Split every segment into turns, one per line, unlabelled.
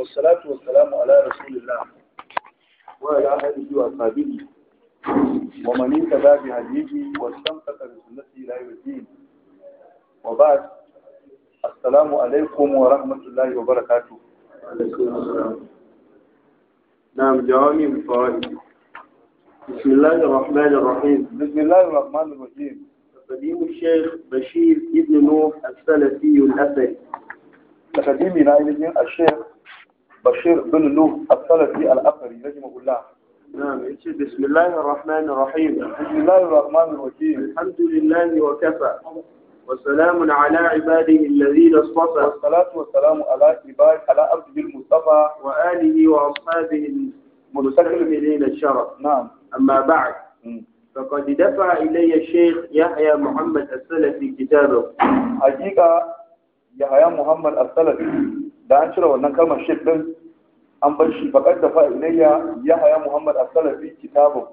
والصلاة والسلام على رسول الله وعلى آله وأصحابه ومن انتبه بهديه واستمسك بسنته إلى يوم الدين وبعد السلام عليكم ورحمة الله وبركاته نعم جوامع الفوائد بسم الله الرحمن الرحيم بسم الله الرحمن الرحيم تقديم الشيخ بشير ابن نوح السلفي الأثري تقديمنا إلى الشيخ بشير بن لوب السلفي الأثري اقول الله نعم بسم الله الرحمن الرحيم بسم الله الرحمن الرحيم الحمد لله وكفى وسلام على عباده الذين اصطفى والصلاة والسلام على عباد على عبد المصطفى وآله وأصحابه المستكملين الشرف نعم أما بعد فقد دفع إلي الشيخ يحيى محمد السلفي كتابه حقيقة يحيى محمد السلفي da an cire wannan kalmar shirk din an bar shi faƙar da fa ilayya ya haya muhammad a salafi kitabun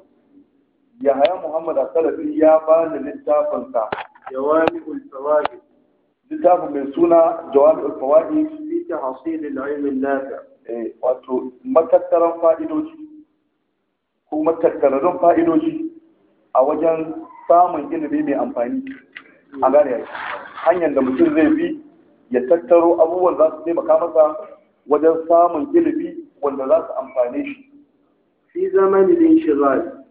ya haya muhammad a salafi ya ba da littafinsa jawami ulfawadi littafin mai suna jawami ulfawa'i fi ta hasilin ilmin nafi eh, wato matattaran fa'idoji ko matattararun fa'idoji a wajen samun ilimi mai amfani a gane hanyar da mutum zai bi ya tattaro abubuwan za su taimaka masa wajen samun ilimi wanda za su amfane shi fi zamanin inshirar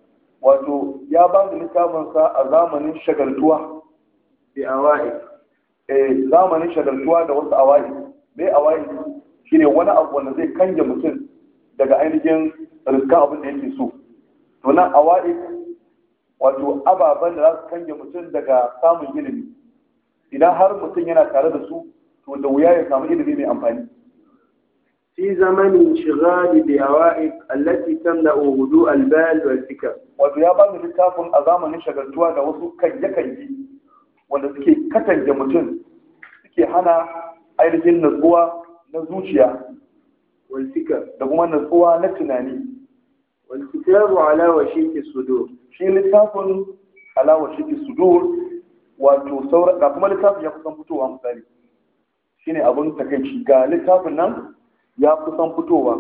wato ya ba da sa a zamanin shagaltuwa a awai eh zamanin shagaltuwa da wasu awai bai awai shine wani abu wanda zai kanje mutum daga ainihin riska abin da yake so to nan awai wato ababen da za su kanje mutum daga samun ilimi idan har mutum yana tare da su to da wuya ya samu ilimi mai amfani fi zamanin shigali bi hawa'iq allati tamna'u hudu al-bal wal fikr wato ya bani littafin a zamanin shagaltuwa da wasu kanje kanje wanda suke katange mutum suke hana ainihin natsuwa na zuciya wal fikr da kuma natsuwa na tunani wal wa ala washiqi sudur shi littafin ala washiqi sudur wato saura ga kuma littafin ya kusan fitowa misali shine abin takaici ga littafin nan ya kusan fitowa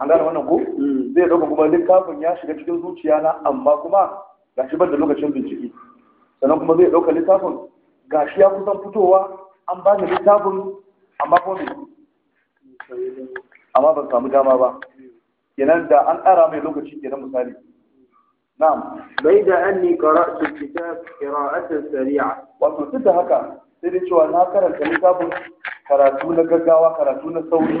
an gane wannan ko hmm. zai dauka kuma littafin ya shiga cikin zuciya na amma kuma ga shi bar da lokacin bincike sannan kuma zai dauka littafin ga shi ya kusan fitowa an ba ni littafin amma ko amma ban samu dama ba kenan da an ƙara mai lokaci kenan misali na'am bai da anni qara'tu kitab qira'atan sari'a wato duk da haka sai dai cewa na karanta littafin karatu na gaggawa karatu na sauri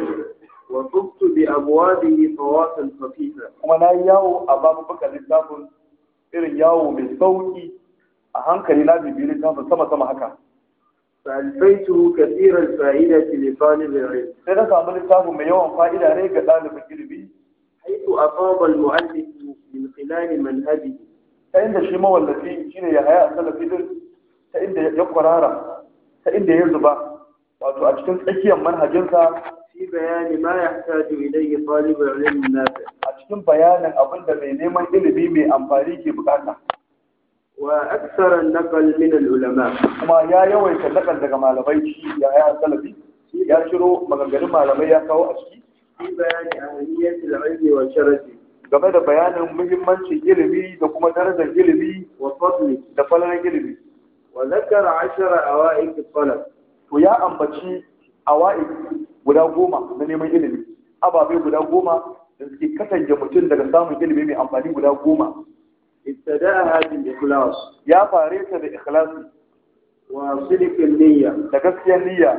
wa tubtu bi abwabi fawasil khafifa kuma na yi yawo a babu baka littafin irin yawo mai sauki a hankali na bibi littafin sama sama haka فألفيته كثير الفائدة لطالب العلم. هذا كان da من يوم فائدة عليك طالب العلم. حيث أفاض المؤلف من خلال منهجه. ya شيما a ta inda ya ta inda ya zuba wato a cikin tsakiyar manhajinsa shi bayani ma yahtaju ilayhi talibul ilmi nafi a cikin bayanin abin da mai neman ilimi mai amfani ke bukata wa aksara naqal min al ulama kuma ya yawaita nakal daga malamai shi ya ya salafi ya ciro maganganun malamai ya kawo a ciki shi bayani ahmiyatul ilmi wa sharafi game da bayanin muhimmancin ilimi da kuma darajar ilimi wa fadli da falalan ilimi wa zakara ashara awa'ik talab to ya ambaci awa'ik guda goma na neman ilimi ababe guda goma da suke kasance mutum daga samun ilimi mai amfani guda goma ibtada'a bil ikhlas ya fare ta da ikhlasi wa sidqin niyya da gaskiyar niyya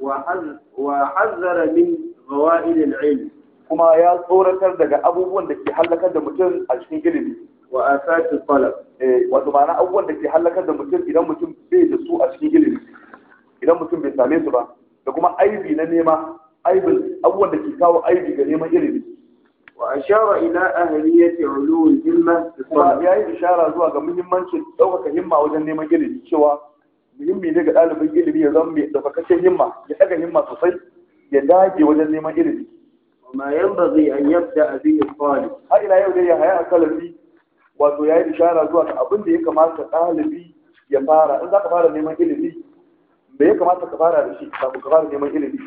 wa wa hazzara min ghawa'il ilm kuma ya tsoratar daga abubuwan da ke halakar da mutum a cikin ilimi wa asati talab eh, wato ma'ana abubuwan da ke halakar da mutum idan mutum bai da su a cikin ilimi idan mutum bai same su ba da kuma aibi na nema aibin abubuwan da ke kawo aibi ga neman ilimi wa ashara ila ahliyati ulul himma kuma ya yi ishara zuwa ga muhimmancin ɗaukaka himma wajen neman ilimi cewa muhimmi ne ga ɗalibin ilimi ya zama mai ɗaukakakken himma ya ɗaga himma sosai ya dage wajen neman ilimi ma yanbaghi an yabda bihi talib har ila yau dai ya haya salafi wato ya yi ishara zuwa ga abin da ya kamata ɗalibi ya fara in za ka fara neman ilimi da ya kamata ka fara da shi kafin ka fara neman ilimi